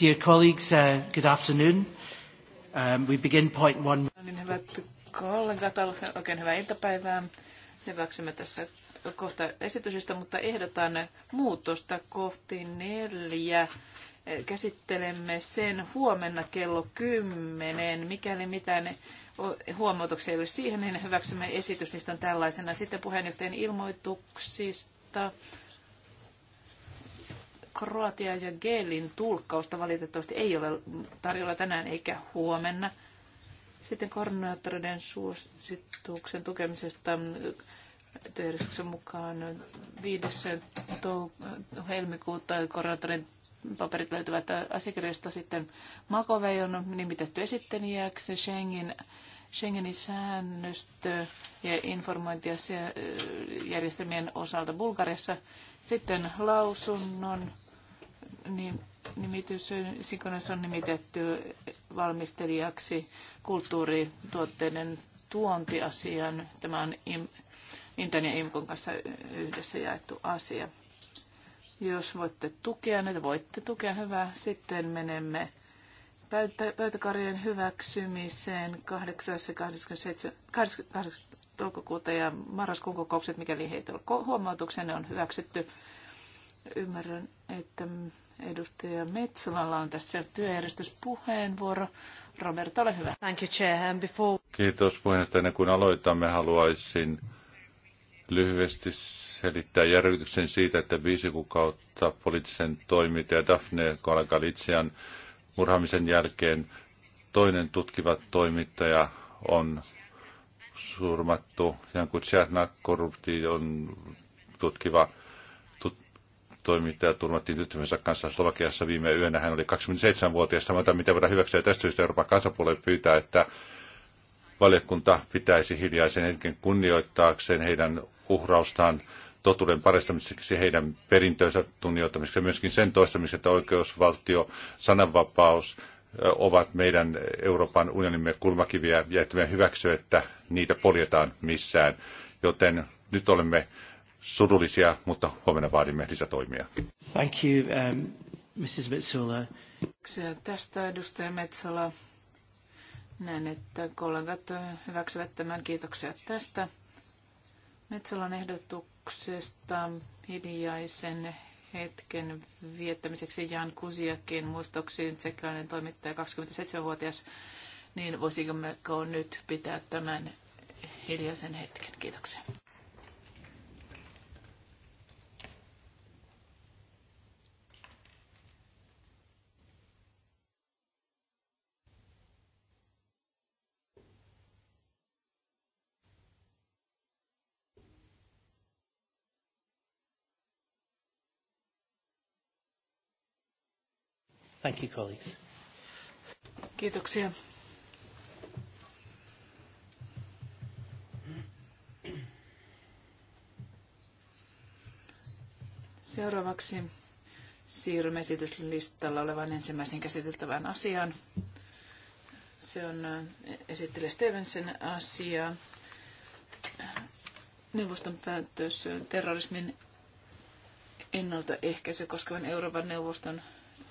Dear colleagues, uh, good afternoon. Um, we begin point one. No niin hyvät kollegat, oikein hyvää iltapäivää. Hyväksymme tässä kohta esitysistä, mutta ehdotan muutosta kohti neljä. Käsittelemme sen huomenna kello kymmenen. Mikäli mitään huomautuksia ei ole siihen, niin hyväksymme esityslistan tällaisena. Sitten puheenjohtajan ilmoituksista. Kroatia ja Geelin tulkkausta valitettavasti ei ole tarjolla tänään eikä huomenna. Sitten koordinaattoreiden suosituksen tukemisesta työjärjestyksen mukaan 5. helmikuuta koordinaattorin paperit löytyvät asiakirjasta sitten Makovei on nimitetty esittelijäksi Schengen, Schengenin säännöstö ja informointijärjestelmien osalta Bulgariassa. Sitten lausunnon niin, nimitys, Sikonen on nimitetty valmistelijaksi kulttuurituotteiden tuontiasian. Tämä on Im, Intan ja Imkon kanssa yhdessä jaettu asia. Jos voitte tukea niin voitte tukea, hyvä. Sitten menemme pöytä, pöytäkarjojen hyväksymiseen 8. ja 27, toukokuuta ja marraskuun kokoukset, mikäli heitä on huomautuksen, ne on hyväksytty. Ymmärrän, että edustaja Metsolalla on tässä työjärjestyspuheenvuoro. Robert, ole hyvä. Thank you, Chair. Before... Kiitos puheenjohtaja. Ennen kuin aloitamme, haluaisin lyhyesti selittää järkytyksen siitä, että viisi kuukautta poliittisen toimittaja Daphne Koalagalitsian murhaamisen jälkeen toinen tutkiva toimittaja on surmattu. Janku Tchernak, korrupti on tutkiva toimittaja turmattiin tyttömensä kanssa Slovakiassa viime yönä. Hän oli 27-vuotias, samalta mitä voidaan hyväksyä. Tästä syystä Euroopan kansapuolelle pyytää, että valiokunta pitäisi hiljaisen hetken kunnioittaakseen heidän uhraustaan totuuden paristamiseksi heidän perintöönsä tunnioittamiseksi ja myöskin sen toistamiseksi, että oikeusvaltio, sananvapaus ovat meidän Euroopan unionimme kulmakiviä ja että me hyväksy, että niitä poljetaan missään. Joten nyt olemme surullisia, mutta huomenna vaadimme lisätoimia. Thank you, um, Mrs. Metsola. Tästä edustaja Metsola. Näen, että kollegat hyväksyvät tämän. Kiitoksia tästä. Metsolan ehdotuksesta hiljaisen hetken viettämiseksi Jan Kusiakin muistoksiin tsekkiläinen toimittaja 27-vuotias, niin voisimmeko nyt pitää tämän hiljaisen hetken? Kiitoksia. Thank you, colleagues. Kiitoksia. Seuraavaksi siirrymme esityslistalla olevan ensimmäisen käsiteltävään asiaan. Se on äh, esittelee Stevensen asia. Neuvoston päätös terrorismin ennaltaehkäisy koskevan Euroopan neuvoston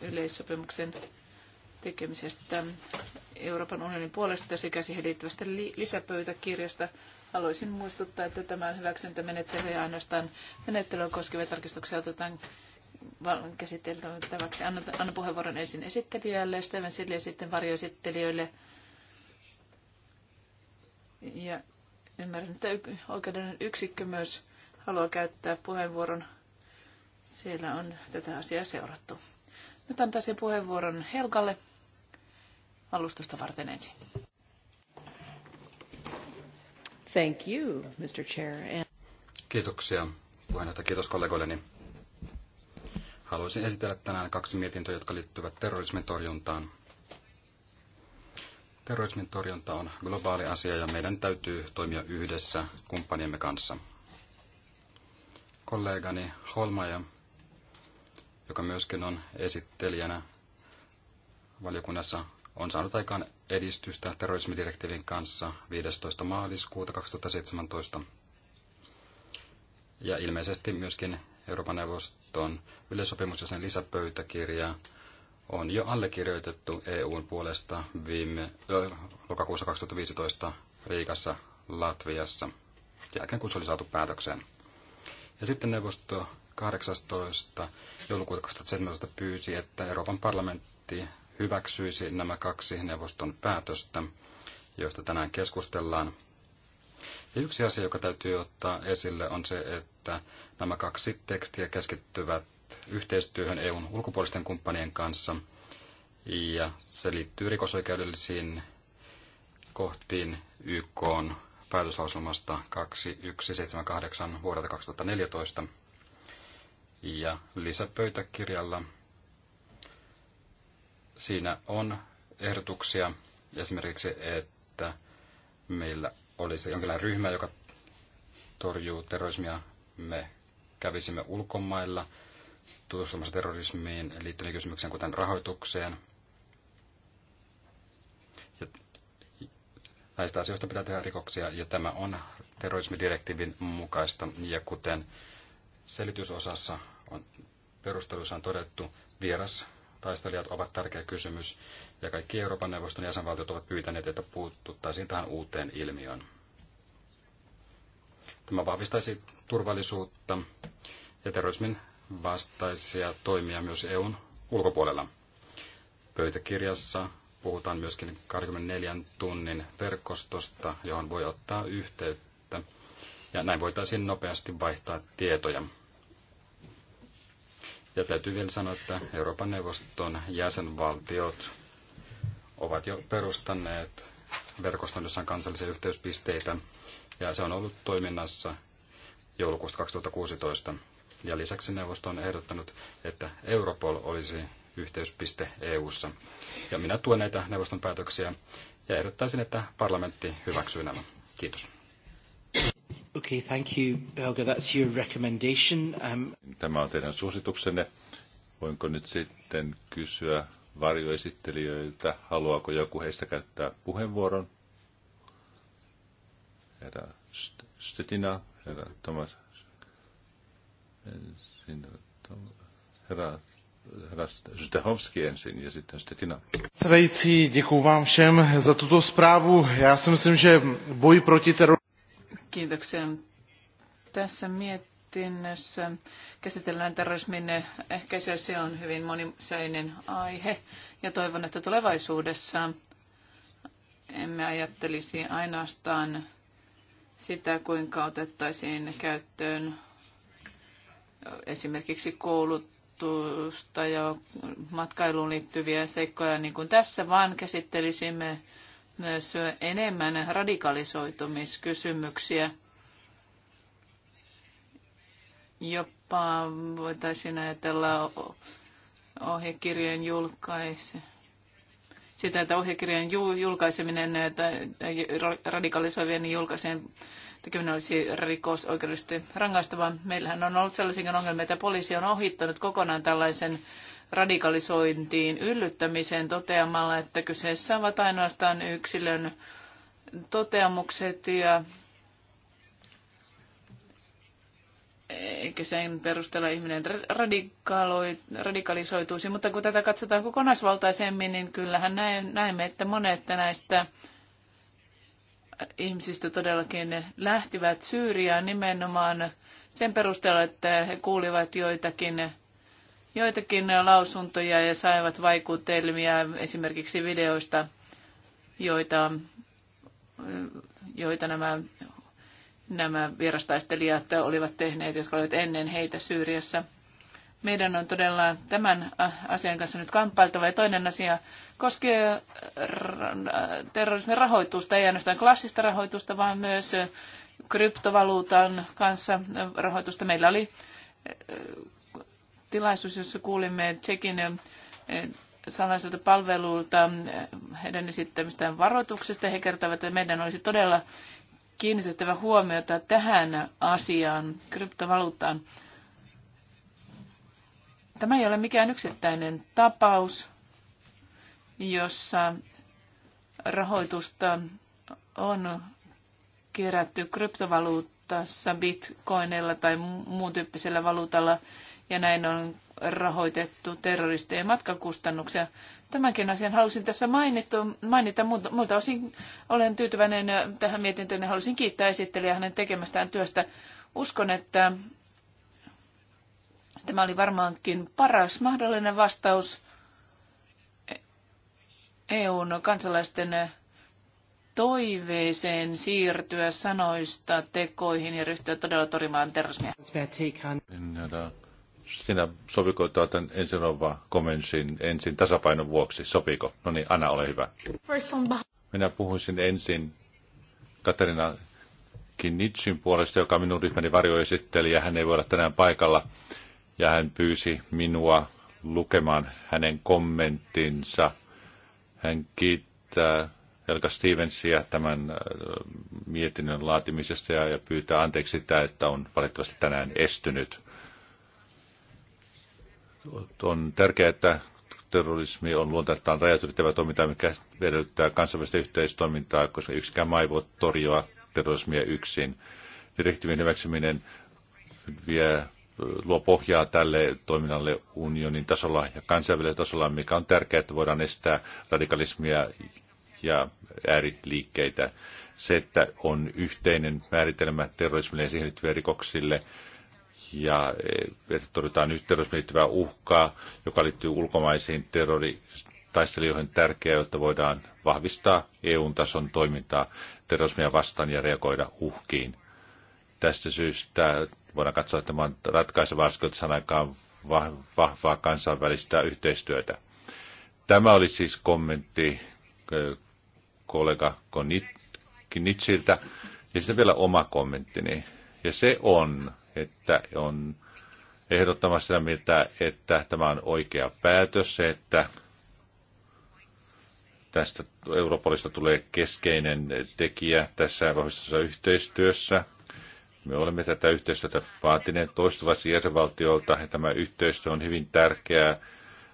yleissopimuksen tekemisestä Euroopan unionin puolesta sekä siihen liittyvästä lisäpöytäkirjasta. Haluaisin muistuttaa, että tämä hyväksyntämenettely ja ainoastaan menettelyä koskevia tarkistuksia otetaan käsiteltäväksi. Anna, anna puheenvuoron ensin esittelijälle, Stevensille ja sitten varjoesittelijöille. Ja ymmärrän, että oikeuden yksikkö myös haluaa käyttää puheenvuoron. Siellä on tätä asiaa seurattu. Nyt antaisin puheenvuoron Helgalle alustusta varten ensin. Thank you, Mr. Chair. And... Kiitoksia puheenjohtaja, kiitos kollegoilleni. Haluaisin esitellä tänään kaksi mietintöä, jotka liittyvät terrorismin torjuntaan. Terrorismin torjunta on globaali asia ja meidän täytyy toimia yhdessä kumppaniemme kanssa. Kollegani Holma ja joka myöskin on esittelijänä valiokunnassa, on saanut aikaan edistystä terrorismidirektiivin kanssa 15. maaliskuuta 2017. Ja ilmeisesti myöskin Euroopan neuvoston yleissopimus ja sen lisäpöytäkirja on jo allekirjoitettu EUn puolesta viime lokakuussa 2015 Riikassa Latviassa, jälkeen kun se oli saatu päätökseen. Ja sitten neuvosto 18. joulukuuta 2017 pyysi, että Euroopan parlamentti hyväksyisi nämä kaksi neuvoston päätöstä, joista tänään keskustellaan. Ja yksi asia, joka täytyy ottaa esille, on se, että nämä kaksi tekstiä keskittyvät yhteistyöhön EUn ulkopuolisten kumppanien kanssa, ja se liittyy rikosoikeudellisiin kohtiin YK päätöslauselmasta 2178 vuodelta 2014 ja lisäpöytäkirjalla siinä on ehdotuksia esimerkiksi, että meillä olisi jonkinlainen ryhmä, joka torjuu terrorismia. Me kävisimme ulkomailla tutustumassa terrorismiin liittyviin kysymyksiin, kuten rahoitukseen. Ja näistä asioista pitää tehdä rikoksia, ja tämä on terrorismidirektiivin mukaista. Ja kuten selitysosassa on, perusteluissa on todettu, vieras taistelijat ovat tärkeä kysymys, ja kaikki Euroopan neuvoston jäsenvaltiot ovat pyytäneet, että puuttuttaisiin tähän uuteen ilmiöön. Tämä vahvistaisi turvallisuutta ja terrorismin vastaisia toimia myös EUn ulkopuolella. Pöytäkirjassa puhutaan myöskin 24 tunnin verkostosta, johon voi ottaa yhteyttä, ja näin voitaisiin nopeasti vaihtaa tietoja. Ja täytyy vielä sanoa, että Euroopan neuvoston jäsenvaltiot ovat jo perustaneet verkoston, jossa on kansallisia yhteyspisteitä, ja se on ollut toiminnassa joulukuusta 2016. Ja lisäksi neuvosto on ehdottanut, että Europol olisi yhteyspiste EU:ssa. Ja minä tuen näitä neuvoston päätöksiä ja ehdottaisin, että parlamentti hyväksyy nämä. Kiitos. Okay, thank you, Helga. That's your recommendation. Um... Tämä on teidän suosituksenne. Voinko nyt sitten kysyä varjoesittelijöiltä, haluaako joku heistä käyttää puheenvuoron? Herra Stetina, herra Thomas, ensin, herra, herra Zdehovski ensin ja sitten Stetina. Předající, děkuji vám všem za tuto zprávu. Já si myslím, že boj proti terorismu Kiitoksia. Tässä mietinnössä käsitellään terrorismin ehkäisyä. Se on hyvin monisäinen aihe ja toivon, että tulevaisuudessa emme ajattelisi ainoastaan sitä, kuinka otettaisiin käyttöön esimerkiksi koulutusta ja matkailuun liittyviä seikkoja, niin kuin tässä, vaan käsittelisimme myös enemmän radikalisoitumiskysymyksiä. Jopa voitaisiin ajatella ohjekirjojen julkaisi, sitä, että ohjekirjojen julkaiseminen tai radikalisoivien julkaiseen tekeminen olisi rikos oikeudellisesti rangaistavaa. Meillähän on ollut sellaisia ongelmia, että poliisi on ohittanut kokonaan tällaisen radikalisointiin yllyttämiseen toteamalla, että kyseessä ovat ainoastaan yksilön toteamukset ja eikä sen perusteella ihminen radikalisoituisi, mutta kun tätä katsotaan kokonaisvaltaisemmin, niin kyllähän näemme, että monet näistä ihmisistä todellakin lähtivät Syyriaan nimenomaan sen perusteella, että he kuulivat joitakin joitakin lausuntoja ja saivat vaikutelmia esimerkiksi videoista, joita, joita nämä, nämä vierastaistelijat olivat tehneet, jotka olivat ennen heitä Syyriassa. Meidän on todella tämän asian kanssa nyt kamppailtava. Ja toinen asia koskee terrorismin rahoitusta, ei ainoastaan klassista rahoitusta, vaan myös kryptovaluutan kanssa rahoitusta. Meillä oli tilaisuus, jossa kuulimme Tsekin eh, salaiselta palvelulta eh, heidän esittämistään varoituksesta. He kertovat, että meidän olisi todella kiinnitettävä huomiota tähän asiaan, kryptovaluuttaan. Tämä ei ole mikään yksittäinen tapaus, jossa rahoitusta on kerätty kryptovaluuttassa, bitcoinilla tai muun tyyppisellä valuutalla ja näin on rahoitettu terroristien matkakustannuksia. Tämänkin asian halusin tässä mainittu, mainita. Muilta osin olen tyytyväinen tähän mietintöön ja halusin kiittää esittelijää hänen tekemästään työstä. Uskon, että tämä oli varmaankin paras mahdollinen vastaus EUn kansalaisten toiveeseen siirtyä sanoista tekoihin ja ryhtyä todella torimaan terrorismia sinä sopiko tämän ensin ova Komensin ensin tasapainon vuoksi? Sopiko? No niin, Anna, ole hyvä. Minä puhuisin ensin Katarina Kinnitsin puolesta, joka minun ryhmäni esitteli, ja hän ei voi olla tänään paikalla. Ja hän pyysi minua lukemaan hänen kommenttinsa. Hän kiittää Helga Stevensia tämän äh, mietinnön laatimisesta ja, ja pyytää anteeksi sitä, että on valitettavasti tänään estynyt. On tärkeää, että terrorismi on luonteeltaan rajat ylittävää toimintaa, mikä edellyttää kansainvälistä yhteistoimintaa, koska yksikään maa ei voi torjua terrorismia yksin. Direktiivin hyväksyminen vie, luo pohjaa tälle toiminnalle unionin tasolla ja kansainvälisellä tasolla, mikä on tärkeää, että voidaan estää radikalismia ja ääriliikkeitä. Se, että on yhteinen määritelmä terrorismille ja siihen liittyville rikoksille, ja eh, että torjutaan yhteydessä liittyvää uhkaa, joka liittyy ulkomaisiin terroritaistelijoihin tärkeää, jotta voidaan vahvistaa EU-tason toimintaa terrorismia vastaan ja reagoida uhkiin. Tästä syystä voidaan katsoa, että tämä on ratkaiseva askel aikaan vahvaa kansainvälistä yhteistyötä. Tämä oli siis kommentti eh, kollega Konitsiltä. Ja sitten vielä oma kommenttini. Ja se on, että on ehdottamassa sitä mieltä, että tämä on oikea päätös, että tästä Europolista tulee keskeinen tekijä tässä vahvistossa yhteistyössä. Me olemme tätä yhteistyötä vaatineet toistuvasti jäsenvaltiolta ja tämä yhteistyö on hyvin tärkeää.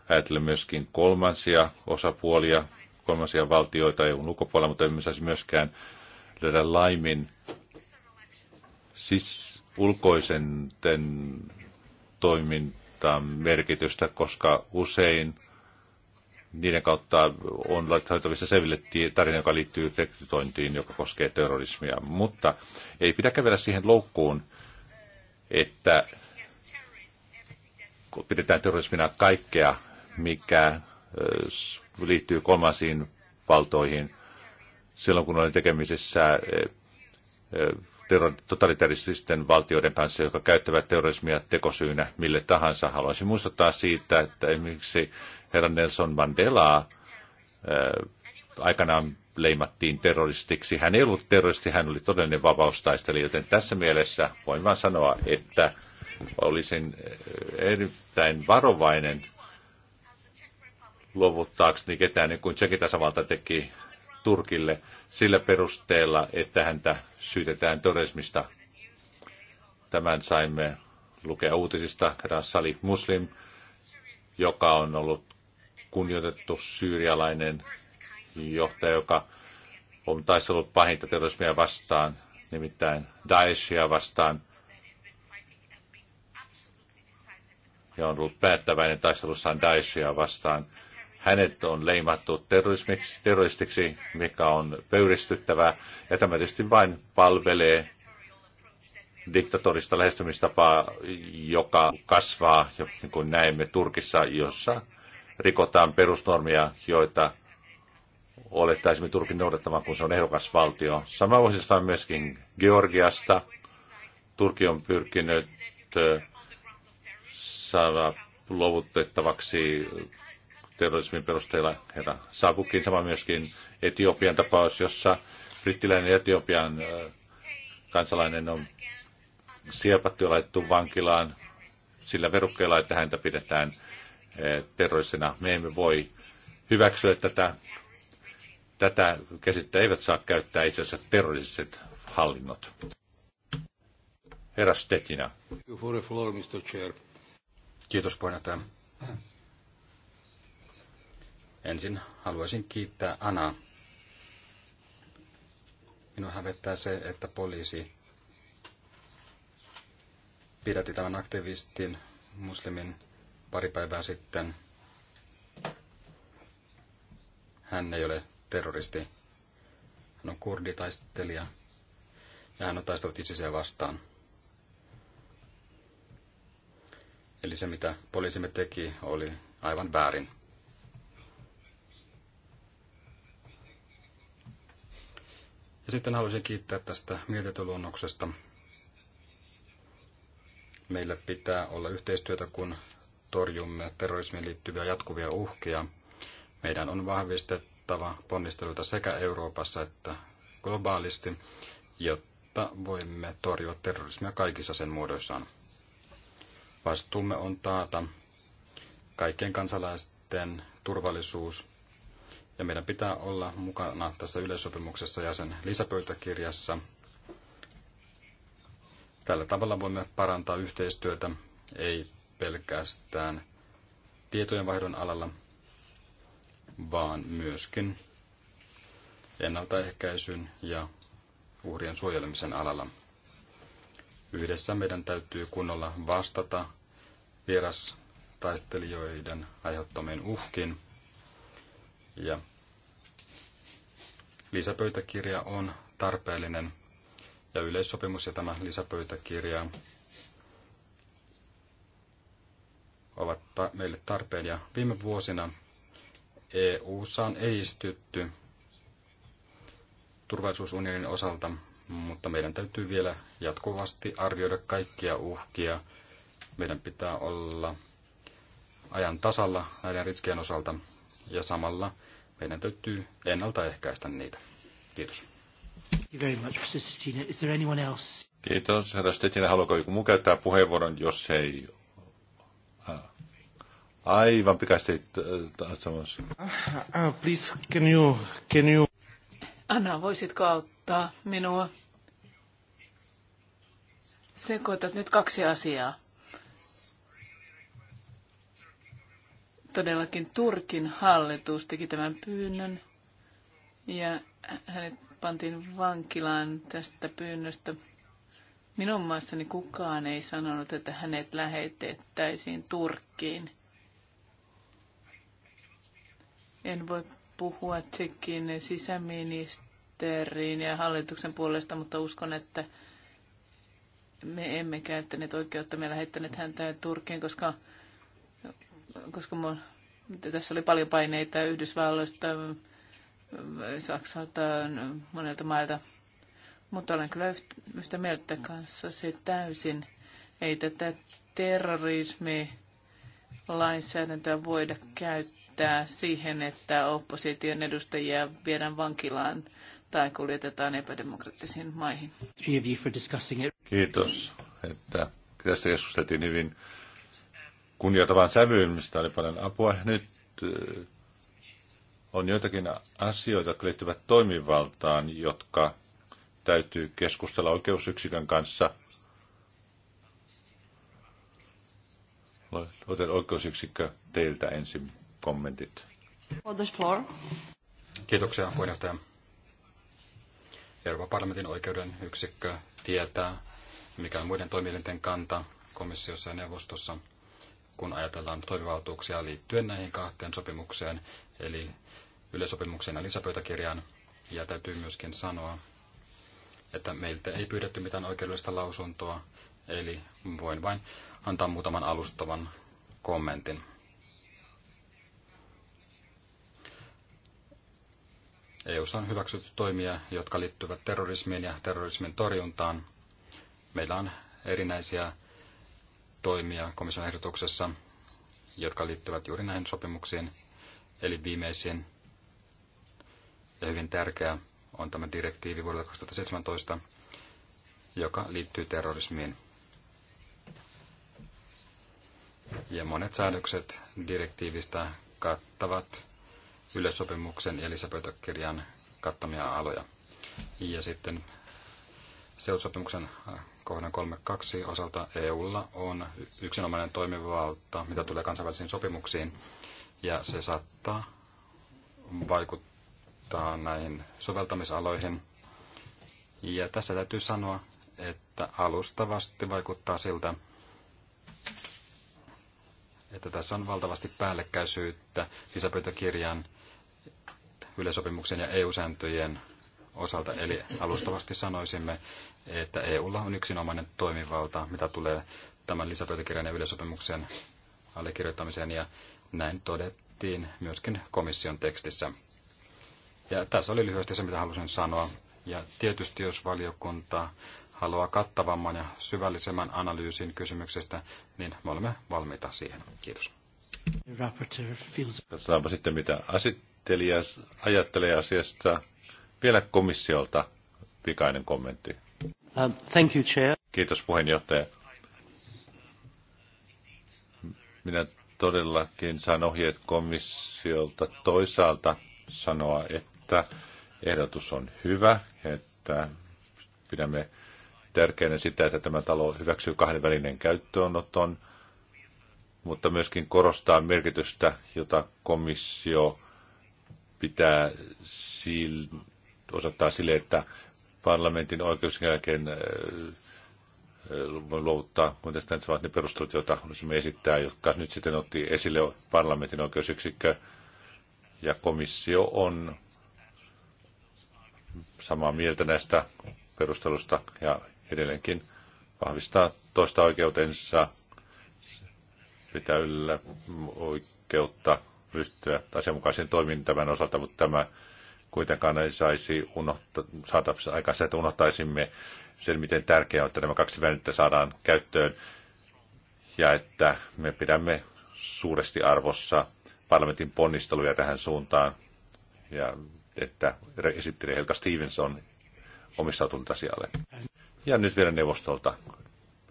Ajatellen myöskin kolmansia osapuolia, kolmansia valtioita EUn ulkopuolella, mutta emme saisi myöskään löydä laimin siis ulkoisen toimintaan merkitystä, koska usein niiden kautta on laittavissa selville tarina, joka liittyy rekrytointiin, joka koskee terrorismia. Mutta ei pidä kävellä siihen loukkuun, että pidetään terrorismina kaikkea, mikä liittyy kolmansiin valtoihin. Silloin kun olen tekemisissä totalitarististen valtioiden kanssa, jotka käyttävät terrorismia tekosyynä mille tahansa. Haluaisin muistuttaa siitä, että esimerkiksi herra Nelson ää, äh, aikanaan leimattiin terroristiksi. Hän ei ollut terroristi, hän oli todellinen vapaustaistelija, joten tässä mielessä voin vain sanoa, että olisin äh, erittäin varovainen luovuttaakseni ketään, niin kuin Tsekin tasavalta teki Turkille sillä perusteella, että häntä syytetään terrorismista. Tämän saimme lukea uutisista. Herra Salih Muslim, joka on ollut kunnioitettu syyrialainen johtaja, joka on taistellut pahinta terrorismia vastaan, nimittäin Daeshia vastaan. Ja on ollut päättäväinen taistelussaan Daeshia vastaan. Hänet on leimattu terroristiksi, mikä on pöyristyttävää, ja tämä tietysti vain palvelee diktatorista lähestymistapaa, joka kasvaa, niin kuin näemme Turkissa, jossa rikotaan perusnormia, joita olettaisimme Turkin noudattamaan, kun se on ehdokas valtio. Sama voisi sanoa myöskin Georgiasta. Turki on pyrkinyt saada luovutettavaksi terrorismin perusteella herra Saapukin, sama myöskin Etiopian tapaus, jossa brittiläinen Etiopian kansalainen on siepattu ja laittu vankilaan sillä verukkeella, että häntä pidetään terroristina. Me emme voi hyväksyä tätä. Tätä käsittää eivät saa käyttää itse asiassa terroristiset hallinnot. Herra Stetina. Kiitos puheenjohtaja. Ensin haluaisin kiittää Anaa. Minua hävettää se, että poliisi pidätti tämän aktivistin muslimin pari päivää sitten. Hän ei ole terroristi. Hän on kurditaistelija ja hän on taistellut ISISiä vastaan. Eli se, mitä poliisimme teki, oli aivan väärin. Ja sitten haluaisin kiittää tästä mietintöluonnoksesta. Meillä pitää olla yhteistyötä, kun torjumme terrorismiin liittyviä jatkuvia uhkia. Meidän on vahvistettava ponnisteluita sekä Euroopassa että globaalisti, jotta voimme torjua terrorismia kaikissa sen muodoissaan. Vastuumme on taata kaikkien kansalaisten turvallisuus ja meidän pitää olla mukana tässä yleissopimuksessa ja sen lisäpöytäkirjassa. Tällä tavalla voimme parantaa yhteistyötä, ei pelkästään tietojenvaihdon alalla, vaan myöskin ennaltaehkäisyn ja uhrien suojelemisen alalla. Yhdessä meidän täytyy kunnolla vastata vierastaistelijoiden aiheuttamiin uhkiin, ja lisäpöytäkirja on tarpeellinen ja yleissopimus ja tämä lisäpöytäkirja ovat meille tarpeen. Ja viime vuosina eu on edistytty turvallisuusunionin osalta, mutta meidän täytyy vielä jatkuvasti arvioida kaikkia uhkia. Meidän pitää olla ajan tasalla näiden riskien osalta ja samalla meidän täytyy ennaltaehkäistä niitä. Kiitos. Kiitos, herra Stettina. Haluaako joku muu käyttää puheenvuoron, jos ei äh, aivan pikaisesti äh, samoissa? Ah, ah, please, can you, can you... Anna, voisitko auttaa minua? Sekoitat nyt kaksi asiaa. Todellakin Turkin hallitus teki tämän pyynnön ja hänet pantiin vankilaan tästä pyynnöstä. Minun maassani kukaan ei sanonut, että hänet lähetettäisiin Turkkiin. En voi puhua Tsekin sisäministeriin ja hallituksen puolesta, mutta uskon, että me emme käyttäneet oikeutta, me lähettäneet häntä Turkkiin, koska koska mun, tässä oli paljon paineita Yhdysvalloista, Saksalta, monelta mailta. Mutta olen kyllä yhtä mieltä kanssa se täysin. Ei tätä terrorismi lainsäädäntöä voida käyttää siihen, että opposition edustajia viedään vankilaan tai kuljetetaan epädemokraattisiin maihin. Kiitos, että tästä keskusteltiin hyvin kunnioitavaan sävyyn, mistä oli paljon apua. Nyt äh, on joitakin asioita, jotka liittyvät toimivaltaan, jotka täytyy keskustella oikeusyksikön kanssa. Otetaan oikeusyksikkö teiltä ensin kommentit. Kiitoksia puheenjohtaja. Euroopan parlamentin oikeuden yksikkö tietää, mikä on muiden toimielinten kanta komissiossa ja neuvostossa – kun ajatellaan toimivaltuuksia liittyen näihin kahteen sopimukseen, eli yleisopimukseen ja lisäpöytäkirjaan. Ja täytyy myöskin sanoa, että meiltä ei pyydetty mitään oikeudellista lausuntoa, eli voin vain antaa muutaman alustavan kommentin. EU on hyväksytty toimia, jotka liittyvät terrorismiin ja terrorismin torjuntaan. Meillä on erinäisiä toimia komission ehdotuksessa, jotka liittyvät juuri näihin sopimuksiin. Eli viimeisin ja hyvin tärkeä on tämä direktiivi vuodelta 2017, joka liittyy terrorismiin. Ja monet säädökset direktiivistä kattavat yleissopimuksen eli lisäpöytäkirjan kattamia aloja. Ja sitten seutusopimuksen äh, kohdan 3.2 osalta EUlla on yksinomainen toimivalta, mitä tulee kansainvälisiin sopimuksiin, ja se saattaa vaikuttaa näihin soveltamisaloihin. Ja tässä täytyy sanoa, että alustavasti vaikuttaa siltä, että tässä on valtavasti päällekkäisyyttä lisäpöytäkirjan, yleisopimuksen ja EU-sääntöjen osalta. Eli alustavasti sanoisimme, että EUlla on yksinomainen toimivalta, mitä tulee tämän lisäpöytäkirjan ja yleisopimuksen allekirjoittamiseen, ja näin todettiin myöskin komission tekstissä. Ja tässä oli lyhyesti se, mitä halusin sanoa. Ja tietysti, jos valiokunta haluaa kattavamman ja syvällisemmän analyysin kysymyksestä, niin me olemme valmiita siihen. Kiitos. Katsotaanpa sitten, mitä asittelija ajattelee asiasta. Vielä komissiolta pikainen kommentti. Um, thank you, Chair. Kiitos puheenjohtaja. Minä todellakin sain ohjeet komissiolta toisaalta sanoa, että ehdotus on hyvä, että pidämme tärkeänä sitä, että tämä talo hyväksyy kahdenvälinen käyttöönoton, mutta myöskin korostaa merkitystä, jota komissio pitää osoittaa sille, että parlamentin oikeuksien jälkeen voin äh, äh, luovuttaa, kun tästä nyt ovat ne perustelut, joita haluaisimme esittää, jotka nyt sitten otti esille parlamentin oikeusyksikkö ja komissio on samaa mieltä näistä perustelusta ja edelleenkin vahvistaa toista oikeutensa, pitää yllä oikeutta ryhtyä asianmukaiseen toimintaan tämän osalta, mutta tämä kuitenkaan ei saisi unohtaa, saada aikaan sitä, että unohtaisimme sen, miten tärkeää on, että nämä kaksi välinettä saadaan käyttöön ja että me pidämme suuresti arvossa parlamentin ponnisteluja tähän suuntaan ja että esitteli Helga Stevenson omistautunut asialle. Ja nyt vielä neuvostolta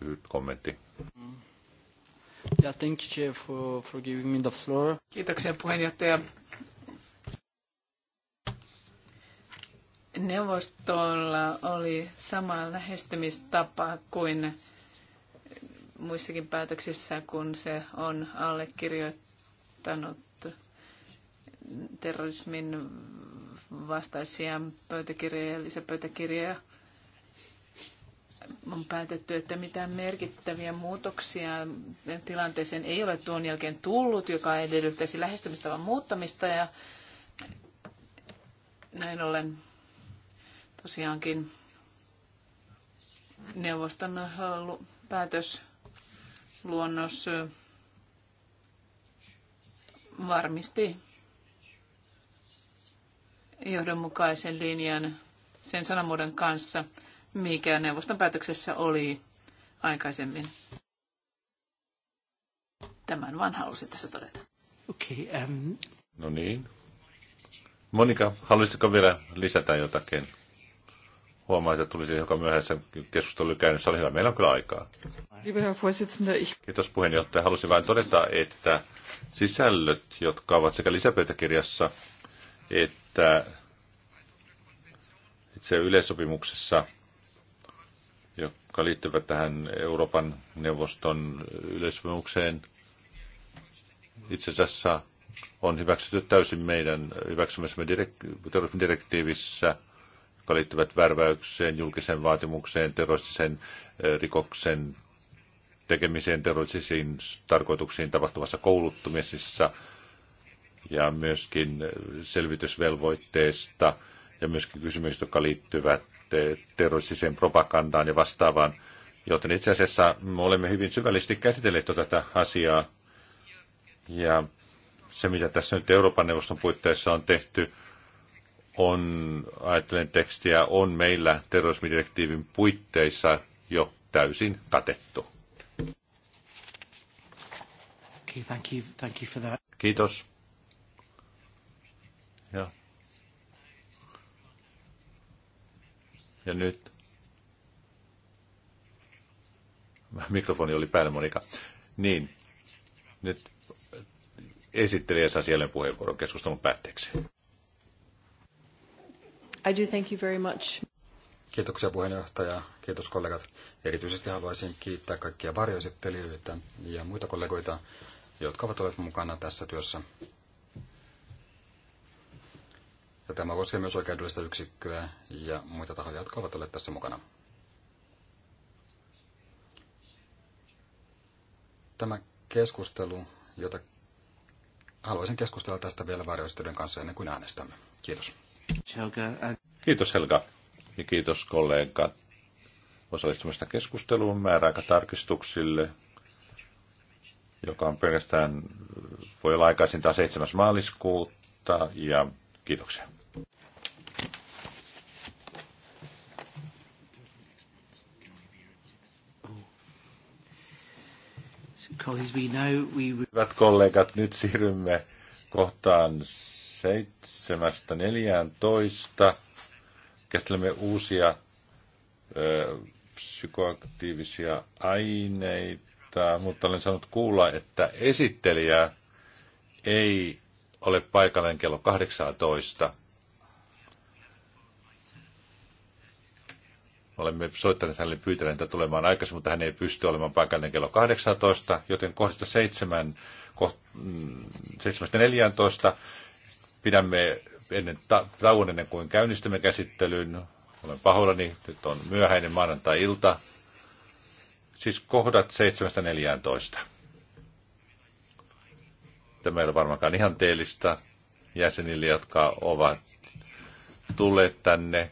lyhyt kommentti. Yeah, thank you, Chair, for, for giving me the floor. Kiitoksia puheenjohtaja neuvostolla oli sama lähestymistapa kuin muissakin päätöksissä, kun se on allekirjoittanut terrorismin vastaisia pöytäkirjoja ja lisäpöytäkirjoja. On päätetty, että mitään merkittäviä muutoksia tilanteeseen ei ole tuon jälkeen tullut, joka edellyttäisi lähestymistavan muuttamista. Ja näin ollen Tosiaankin neuvoston äh, päätös luonnos äh, varmisti johdonmukaisen linjan sen sanamuodon kanssa, mikä neuvoston päätöksessä oli aikaisemmin. Tämän vaan halusin tässä todeta. Okei. Okay, um... Ähm. No niin. Monika, haluaisitko vielä lisätä jotakin? Huomaa, että tulisi hiukan myöhässä keskustelu käynnissä. Oli hyvä, meillä on kyllä aikaa. Kiitos puheenjohtaja. Halusin vain todeta, että sisällöt, jotka ovat sekä lisäpöytäkirjassa että itse yleissopimuksessa, jotka liittyvät tähän Euroopan neuvoston yleissopimukseen, itse asiassa on hyväksytty täysin meidän hyväksymässämme direktiivissä – jotka liittyvät värväykseen, julkiseen vaatimukseen, terroristisen rikoksen tekemiseen, terroristisiin tarkoituksiin tapahtuvassa kouluttumisessa ja myöskin selvitysvelvoitteesta ja myöskin kysymyksistä, jotka liittyvät terroristiseen propagandaan ja vastaavaan. Joten itse asiassa me olemme hyvin syvällisesti käsitelleet tätä asiaa. Ja se, mitä tässä nyt Euroopan neuvoston puitteissa on tehty, on, ajattelen tekstiä, on meillä terrorismidirektiivin puitteissa jo täysin katettu. Okay, thank you, thank you for that. Kiitos. Ja. ja nyt. Mikrofoni oli päällä, Monika. Niin, nyt esittelijä saa siellä puheenvuoron keskustelun päätteeksi. I do thank you very much. Kiitoksia puheenjohtaja, kiitos kollegat. Erityisesti haluaisin kiittää kaikkia varjoesittelijöitä ja muita kollegoita, jotka ovat olleet mukana tässä työssä. Ja tämä koskee myös oikeudellista yksikköä ja muita tahoja, jotka ovat olleet tässä mukana. Tämä keskustelu, jota haluaisin keskustella tästä vielä varjoisteiden kanssa ennen kuin äänestämme. Kiitos. Helga, Kiitos Helga ja kiitos kollegat osallistumista keskusteluun määräaika tarkistuksille, joka on pelkästään, voi olla aikaisintaan 7. maaliskuuta ja kiitoksia. Hyvät kollegat, nyt siirrymme kohtaan 7.14 käsittelemme uusia ö, psykoaktiivisia aineita, mutta olen saanut kuulla, että esittelijä ei ole paikallinen kello 18. Olemme soittaneet hänelle pyytäneet että tulemaan aikaisemmin, mutta hän ei pysty olemaan paikallinen kello 18, joten kohdasta 7, 7.14 mm, pidämme ennen ta- tauon ennen kuin käynnistämme käsittelyn. Olen pahoillani, nyt on myöhäinen maanantai-ilta. Siis kohdat 7.14. Tämä ei ole varmaankaan ihan teellistä jäsenille, jotka ovat tulleet tänne,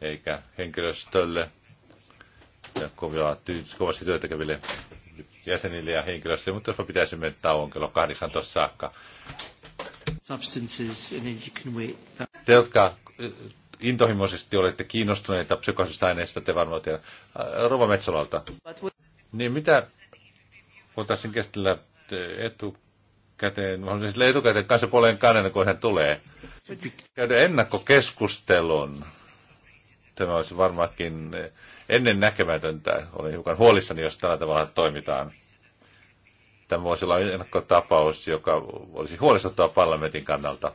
eikä henkilöstölle ja kovia, kovasti työtäkeville jäsenille ja henkilöstölle, mutta jos pitäisi pitäisimme tauon kello 18 saakka, te, jotka äh, intohimoisesti olette kiinnostuneita psykoisista aineista, te varmaan tiedä. Äh, Rova Metsolalta. Niin mitä voitaisiin kestellä äh, etukäteen, mahdollisesti etukäteen kanssa puoleen kannen, kun hän tulee. Käydä ennakkokeskustelun. Tämä olisi varmaankin ennen näkemätöntä. Olen hiukan huolissani, jos tällä tavalla toimitaan tämä voisi olla ennakkotapaus, joka olisi huolestuttava parlamentin kannalta.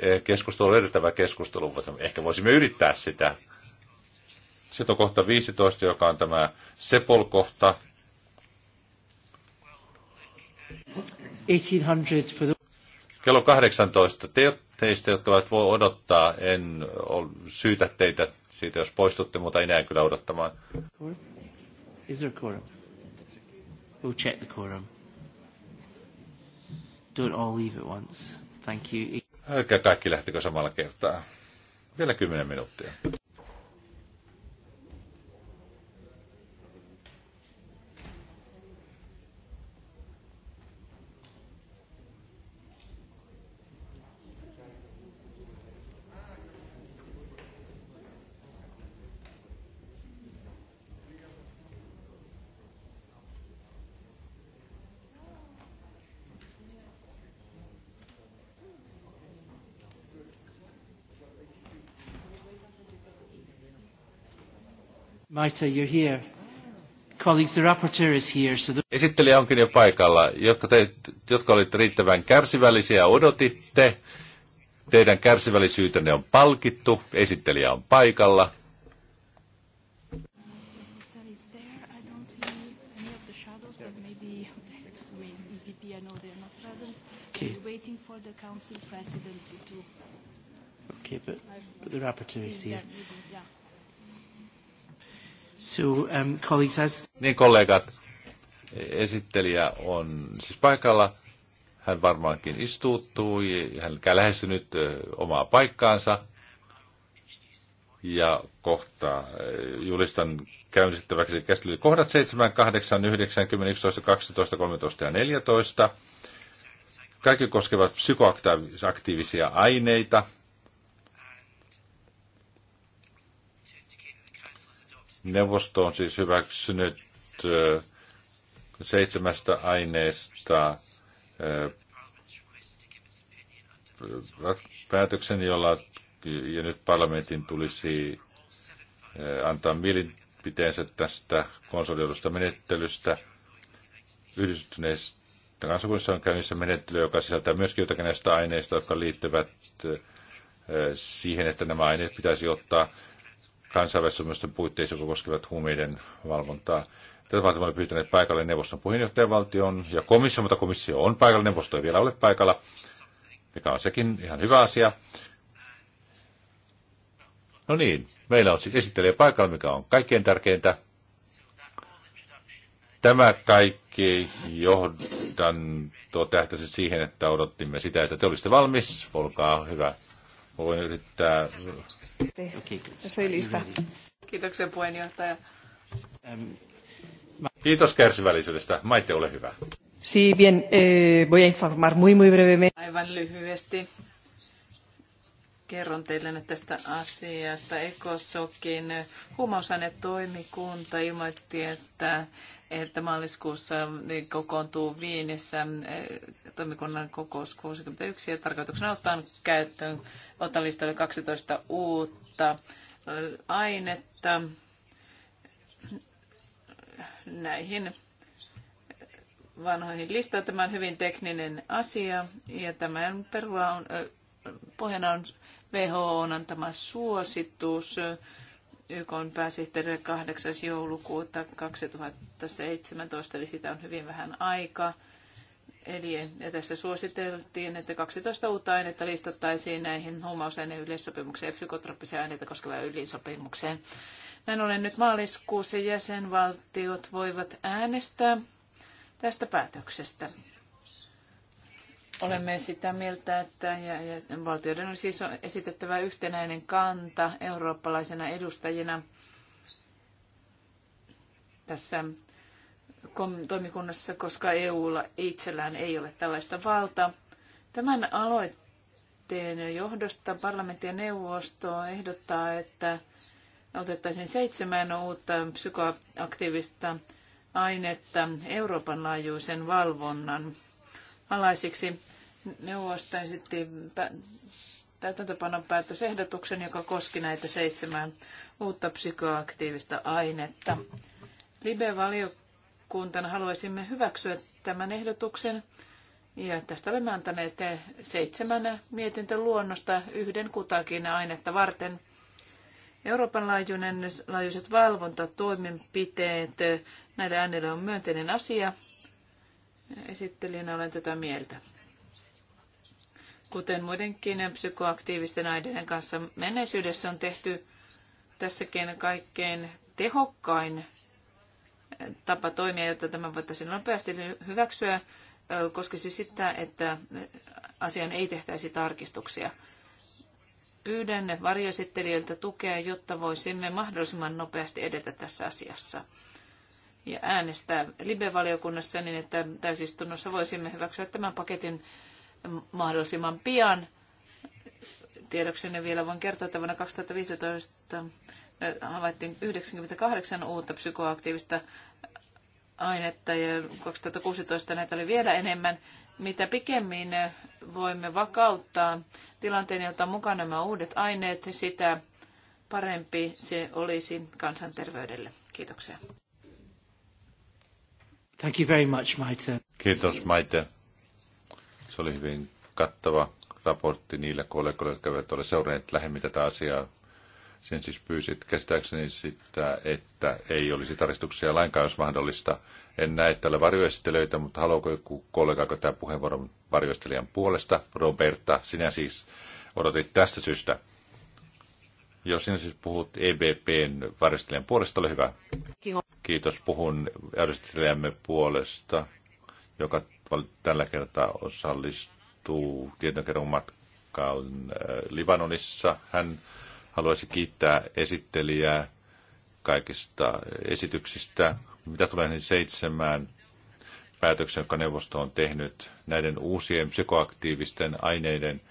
E, keskustelu on edeltävä keskustelu, mutta ehkä voisimme yrittää sitä. Sitten on kohta 15, joka on tämä Sepol-kohta. 1800 for the... Kello 18. Te, teistä, jotka ovat voi odottaa, en syytä teitä siitä, jos poistutte, mutta enää kyllä odottamaan. Is there quorum? We'll check the quorum. Don't all leave at once. Thank you. Älkää kaikki lähtikö samalla kertaa. Vielä kymmenen minuuttia. Maita, you're here. Colleagues, the rapporteur is here, so the... Esittelijä onkin jo paikalla. Jotka, te, jotka olitte riittävän kärsivällisiä, odotitte. Teidän kärsivällisyytenne on palkittu. Esittelijä on paikalla. Okay, but, but the rapporteur is here. So, um, colleagues, as... Niin kollegat, esittelijä on siis paikalla. Hän varmaankin istuutuu ja hän käy lähestynyt omaa paikkaansa. Ja kohta julistan käynnistettäväksi käsittelyt kohdat 7, 8, 9, 10, 11, 12, 13 ja 14. Kaikki koskevat psykoaktiivisia aineita, Neuvosto on siis hyväksynyt seitsemästä aineesta päätöksen, jolla ja nyt parlamentin tulisi antaa mielipiteensä tästä konsolidoidusta menettelystä. Yhdistyneistä kansakunnissa on käynnissä menettely, joka sisältää myöskin jotakin näistä aineista, jotka liittyvät siihen, että nämä aineet pitäisi ottaa kansainvälisten puitteissa, jotka koskevat huumeiden valvontaa. Tätä varten olemme pyytäneet paikalle neuvoston valtion ja komissio, mutta komissio on paikalla, neuvosto ei vielä ole paikalla, mikä on sekin ihan hyvä asia. No niin, meillä on siis esittelee paikalla, mikä on kaikkein tärkeintä. Tämä kaikki johdanto tähtäisi siihen, että odottimme sitä, että te olisitte valmis. Olkaa hyvä. Voin yrittää... Kiitoksia puheenjohtaja. Kiitos kärsivällisyydestä. Maitte, ole hyvä. Sí, bien, eh, voy a informar muy, muy brevemente. Aivan lyhyesti kerron teille nyt tästä asiasta. Ekosokin huumausainetoimikunta ilmoitti, että, että maaliskuussa kokoontuu Viinissä eh, toimikunnan kokous 61 ja tarkoituksena ottaa käyttöön otalistalle 12 uutta eh, ainetta näihin vanhoihin listaan. Tämä on hyvin tekninen asia ja tämän perua on, eh, pohjana on WHO on antama suositus YK on pääsihteerille 8. joulukuuta 2017, eli sitä on hyvin vähän aikaa. Eli ja tässä suositeltiin, että 12 uutta ainetta listattaisiin näihin huumausaineen yleissopimukseen ja psykotrooppisia aineita koskevaan ylinsopimukseen. Näin ollen nyt maaliskuussa jäsenvaltiot voivat äänestää tästä päätöksestä. Olemme sitä mieltä, että ja, ja valtioiden on siis esitettävä yhtenäinen kanta eurooppalaisena edustajina tässä toimikunnassa, koska EUlla itsellään ei ole tällaista valtaa. Tämän aloitteen johdosta parlamentti ja neuvosto ehdottaa, että otettaisiin seitsemän uutta psykoaktiivista ainetta Euroopan laajuisen valvonnan alaisiksi. Neuvosto esitti täytäntöpanon päätösehdotuksen, joka koski näitä seitsemää uutta psykoaktiivista ainetta. Libe-valiokuntana haluaisimme hyväksyä tämän ehdotuksen. Ja tästä olemme antaneet seitsemän mietintöluonnosta yhden kutakin ainetta varten. Euroopan laajuiset valvontatoimenpiteet näille äänille on myönteinen asia. Esittelijänä olen tätä mieltä. Kuten muidenkin psykoaktiivisten aineiden kanssa menneisyydessä on tehty tässäkin kaikkein tehokkain eh, tapa toimia, jotta tämä voitaisiin nopeasti hyväksyä, eh, koskisi sitä, että eh, asian ei tehtäisi tarkistuksia. Pyydän varjoesittelijöiltä tukea, jotta voisimme mahdollisimman nopeasti edetä tässä asiassa ja äänestää Libe-valiokunnassa niin, että täysistunnossa voisimme hyväksyä tämän paketin mahdollisimman pian. Tiedoksenne vielä voin kertoa, että vuonna 2015 havaittiin 98 uutta psykoaktiivista ainetta ja 2016 näitä oli vielä enemmän. Mitä pikemmin voimme vakauttaa tilanteen, jota mukana nämä uudet aineet, sitä parempi se olisi kansanterveydelle. Kiitoksia. Thank you very much, Maite. Kiitos, Maite. Se oli hyvin kattava raportti niille kollegoille, jotka eivät ole seuranneet lähemmin tätä asiaa. Sen siis pyysit käsittääkseni sitä, että ei olisi tarkistuksia lainkaan, jos mahdollista. En näe täällä varjoesittelyitä, mutta haluaako joku kollega tämä puheenvuoron varjoistelijan puolesta? Roberta, sinä siis odotit tästä syystä. Jos sinä siis puhut EBPn varistelijan puolesta, ole hyvä. Kiitos. Puhun järjestelijämme puolesta, joka tällä kertaa osallistuu tietokerron matkaan äh, Libanonissa. Hän haluaisi kiittää esittelijää kaikista esityksistä. Mitä tulee niin seitsemään päätöksen, jonka neuvosto on tehnyt näiden uusien psykoaktiivisten aineiden –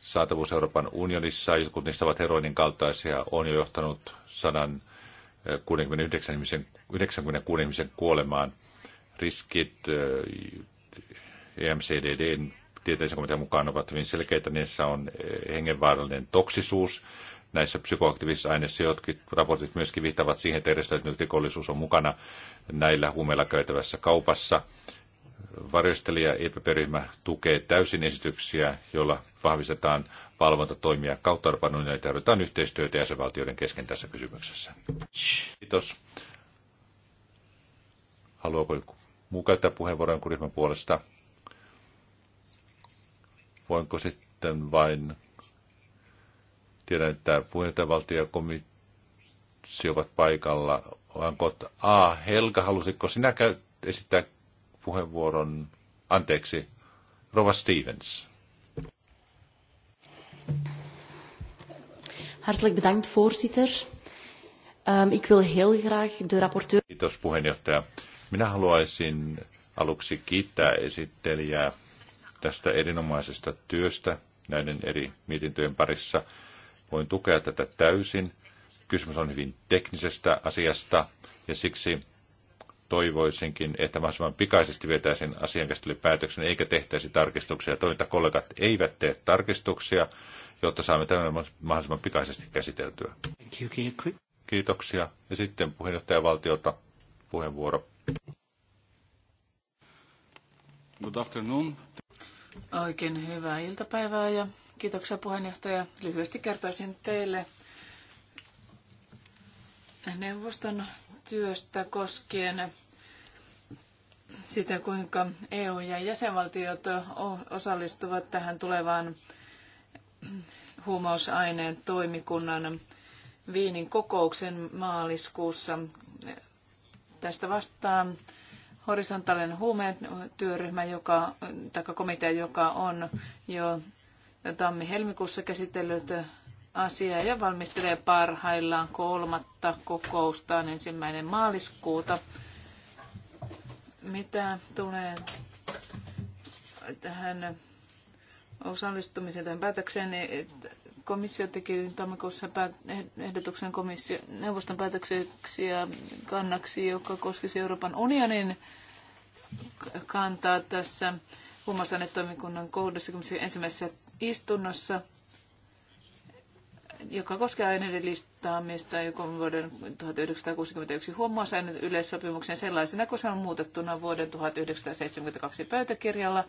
saatavuus Euroopan unionissa, jotkut niistä ovat heroinin kaltaisia, on jo johtanut 169 eh, ihmisen, 96 ihmisen kuolemaan. Riskit EMCDDn eh, e tieteellisen komitean mukaan ovat hyvin selkeitä. Niissä on eh, hengenvaarallinen toksisuus näissä psykoaktiivisissa aineissa. Jotkin raportit myöskin viittavat siihen, että järjestäytynyt rikollisuus on mukana näillä huumeilla käytävässä kaupassa varjostelija EPP-ryhmä tukee täysin esityksiä, joilla vahvistetaan valvontatoimia kautta ja tarvitaan yhteistyötä jäsenvaltioiden kesken tässä kysymyksessä. Kiitos. Haluaako joku muu käyttää puheenvuoron kuin ryhmän puolesta? Voinko sitten vain... Tiedän, että puheenjohtajavaltio ja komissio ovat paikalla. Onko A. Helga, halusitko sinä käy... esittää puheenvuoron, anteeksi, Rova Stevens. Hartelijk bedankt, voorzitter. Um, ik wil heel graag de rapporteur... Kiitos, puheenjohtaja. Minä haluaisin aluksi kiittää esittelijää tästä erinomaisesta työstä näiden eri mietintöjen parissa. Voin tukea tätä täysin. Kysymys on hyvin teknisestä asiasta ja siksi toivoisinkin, että mahdollisimman pikaisesti vetäisin asiankäsittelypäätöksen eikä tehtäisi tarkistuksia. Toivon, kollegat eivät tee tarkistuksia, jotta saamme tämän mahdollisimman pikaisesti käsiteltyä. Kiitoksia. Ja sitten puheenjohtajavaltiolta puheenvuoro. Good afternoon. Oikein hyvää iltapäivää ja kiitoksia puheenjohtaja. Lyhyesti kertoisin teille neuvoston työstä koskien sitä, kuinka EU ja jäsenvaltiot osallistuvat tähän tulevaan huumausaineen toimikunnan Viinin kokouksen maaliskuussa. Tästä vastaan horisontaalinen huumetyöryhmä, joka, tai komitea, joka on jo tammi-helmikuussa käsitellyt asiaa ja valmistelee parhaillaan kolmatta kokoustaan ensimmäinen maaliskuuta. Mitä tulee tähän osallistumiseen tähän päätökseen, niin komissio teki tammikuussa eh- ehdotuksen komissio, neuvoston päätökseksi ja kannaksi, joka koskisi Euroopan unionin kantaa tässä huumausainetoimikunnan ensimmäisessä istunnossa – joka koskee aineiden listaamista, joka on vuoden 1961 huomausaineet yleissopimuksen sellaisena, kun se on muutettuna vuoden 1972 pöytäkirjalla,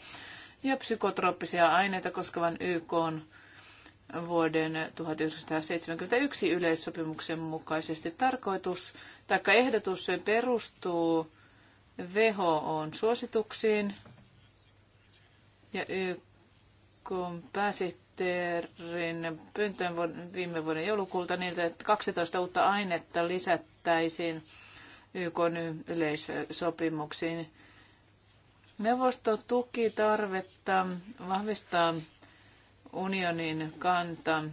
ja psykotrooppisia aineita koskevan YK on vuoden 1971 yleissopimuksen mukaisesti. Tarkoitus taikka ehdotus perustuu WHOn suosituksiin ja YK pääsi Koreperin pyyntöön viime vuoden joulukuulta niiltä, että 12 uutta ainetta lisättäisiin YK yleissopimuksiin. Neuvosto tuki tarvetta vahvistaa unionin kanta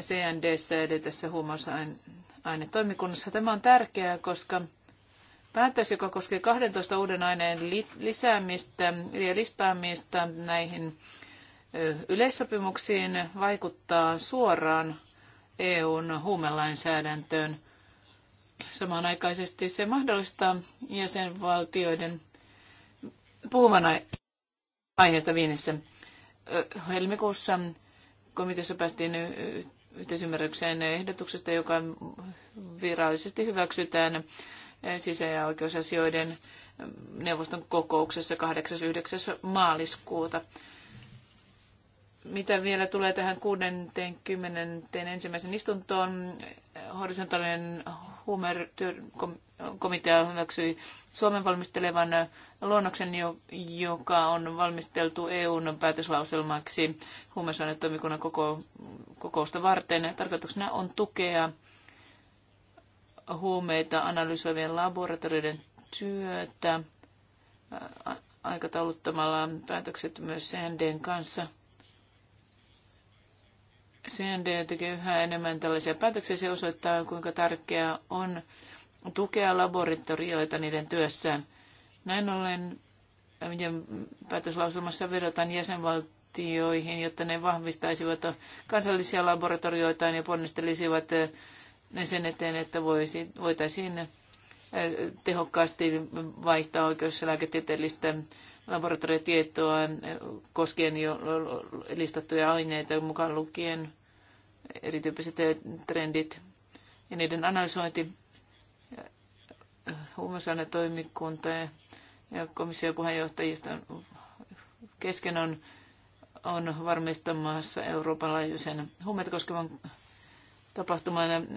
CND eli tässä huumausainetoimikunnassa. Tämä on tärkeää, koska päätös, joka koskee 12 uuden aineen lisäämistä ja listaamista näihin yleissopimuksiin vaikuttaa suoraan EUn huumelainsäädäntöön. Samanaikaisesti se mahdollistaa jäsenvaltioiden puhuvan aiheesta Viinissä. Helmikuussa komiteassa päästiin yhteisymmärrykseen ehdotuksesta, joka virallisesti hyväksytään sisä- ja oikeusasioiden neuvoston kokouksessa 8.9. maaliskuuta. Mitä vielä tulee tähän 60. ensimmäisen istuntoon, horisontaalinen Humer-komitea hyväksyi Suomen valmistelevan luonnoksen, joka on valmisteltu EUn päätöslauselmaksi huumausainetoimikunnan koko, kokousta varten. Tarkoituksena on tukea huumeita analysoivien laboratorioiden työtä aikatauluttamalla päätökset myös CND kanssa – CND tekee yhä enemmän tällaisia päätöksiä. Se osoittaa, kuinka tärkeää on tukea laboratorioita niiden työssään. Näin ollen päätöslauselmassa vedotaan jäsenvaltioihin, jotta ne vahvistaisivat kansallisia laboratorioitaan ja ponnistelisivat ne sen eteen, että voisi, voitaisiin eh, tehokkaasti vaihtaa oikeuslääketieteellistä laboratoriotietoa koskien jo listattuja aineita mukaan lukien erityyppiset trendit ja niiden analysointi. Huumausainetoimikunta ja komission puheenjohtajista kesken on, on varmistamassa Euroopan laajuisen huumeita koskevan tapahtuman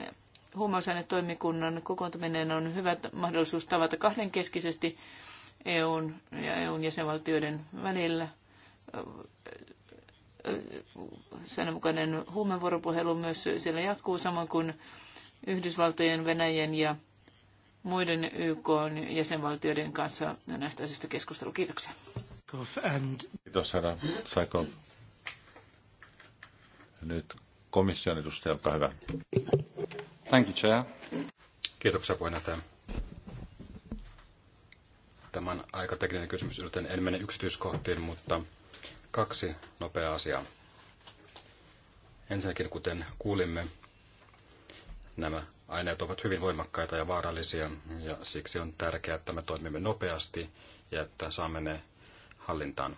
huumausainetoimikunnan kokoontuminen on hyvä mahdollisuus tavata kahdenkeskisesti EUn ja EUn jäsenvaltioiden välillä. mukainen huumevuoropuhelu myös siellä jatkuu samoin kuin Yhdysvaltojen, Venäjän ja muiden YK jäsenvaltioiden kanssa näistä asioista keskustelu. Kiitoksia. Kiitos herra Saiko. Nyt komission edustaja, olkaa hyvä. Thank you, Chair. Kiitoksia puheenjohtaja. Tämä on aika tekninen kysymys, joten en mene yksityiskohtiin, mutta kaksi nopeaa asiaa. Ensinnäkin, kuten kuulimme, nämä aineet ovat hyvin voimakkaita ja vaarallisia, ja siksi on tärkeää, että me toimimme nopeasti ja että saamme ne hallintaan.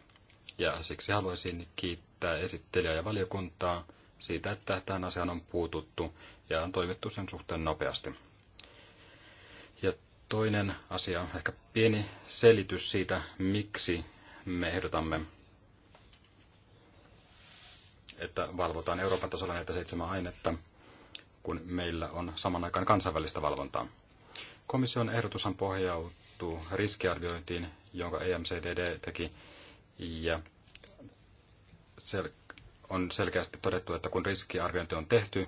Ja siksi haluaisin kiittää esittelijää ja valiokuntaa siitä, että tähän asiaan on puututtu ja on toimittu sen suhteen nopeasti. Ja Toinen asia ehkä pieni selitys siitä, miksi me ehdotamme, että valvotaan Euroopan tasolla näitä seitsemän ainetta, kun meillä on saman aikaan kansainvälistä valvontaa. Komission ehdotushan pohjautuu riskiarviointiin, jonka EMCDD teki, ja sel- on selkeästi todettu, että kun riskiarviointi on tehty,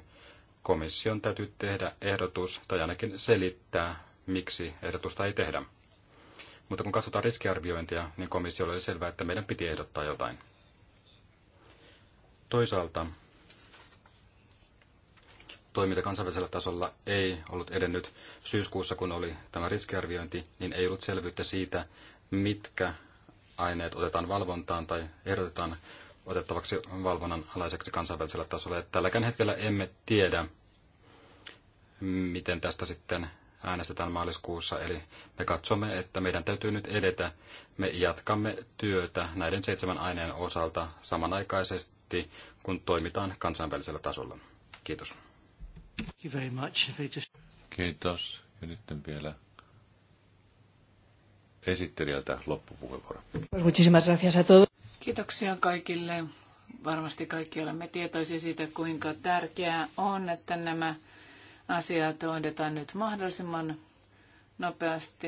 komission täytyy tehdä ehdotus tai ainakin selittää, miksi ehdotusta ei tehdä. Mutta kun katsotaan riskiarviointia, niin komissiolle oli selvää, että meidän piti ehdottaa jotain. Toisaalta toiminta kansainvälisellä tasolla ei ollut edennyt syyskuussa, kun oli tämä riskiarviointi, niin ei ollut selvyyttä siitä, mitkä aineet otetaan valvontaan tai ehdotetaan otettavaksi valvonnan alaiseksi kansainvälisellä tasolla. Ja tälläkään hetkellä emme tiedä, miten tästä sitten äänestetään maaliskuussa, eli me katsomme, että meidän täytyy nyt edetä. Me jatkamme työtä näiden seitsemän aineen osalta samanaikaisesti, kun toimitaan kansainvälisellä tasolla. Kiitos. Kiitos. Ja nyt vielä esittelijältä loppupuheenvuoro. Kiitoksia kaikille. Varmasti kaikki olemme tietoisia siitä, kuinka tärkeää on, että nämä asiat hoidetaan nyt mahdollisimman nopeasti.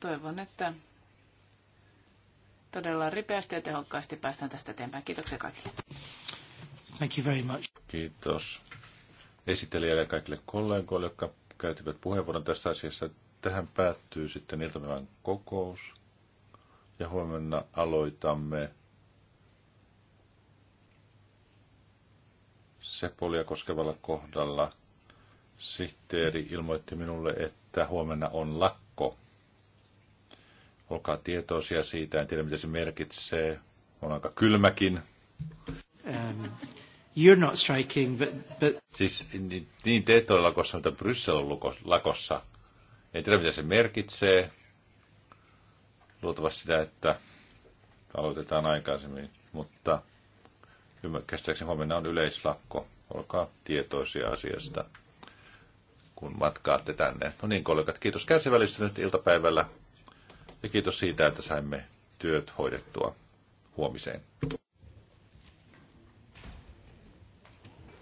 Toivon, että todella ripeästi ja tehokkaasti päästään tästä eteenpäin. Kiitoksia kaikille. Thank you very much. Kiitos esittelijälle ja kaikille kollegoille, jotka käytivät puheenvuoron tästä asiasta. Tähän päättyy sitten iltapäivän kokous ja huomenna aloitamme Sepolia koskevalla kohdalla sihteeri ilmoitti minulle, että huomenna on lakko. Olkaa tietoisia siitä, en tiedä mitä se merkitsee. On aika kylmäkin. Um, you're not striking, but, but... Siis niin, niin te ette ole lakossa, mutta Bryssel on lakossa. En tiedä mitä se merkitsee. Luultavasti sitä, että aloitetaan aikaisemmin, mutta Käsittääkseni huomenna on yleislakko. Olkaa tietoisia asiasta, kun matkaatte tänne. No niin, kollegat, kiitos kärsivällistä nyt iltapäivällä. Ja kiitos siitä, että saimme työt hoidettua huomiseen.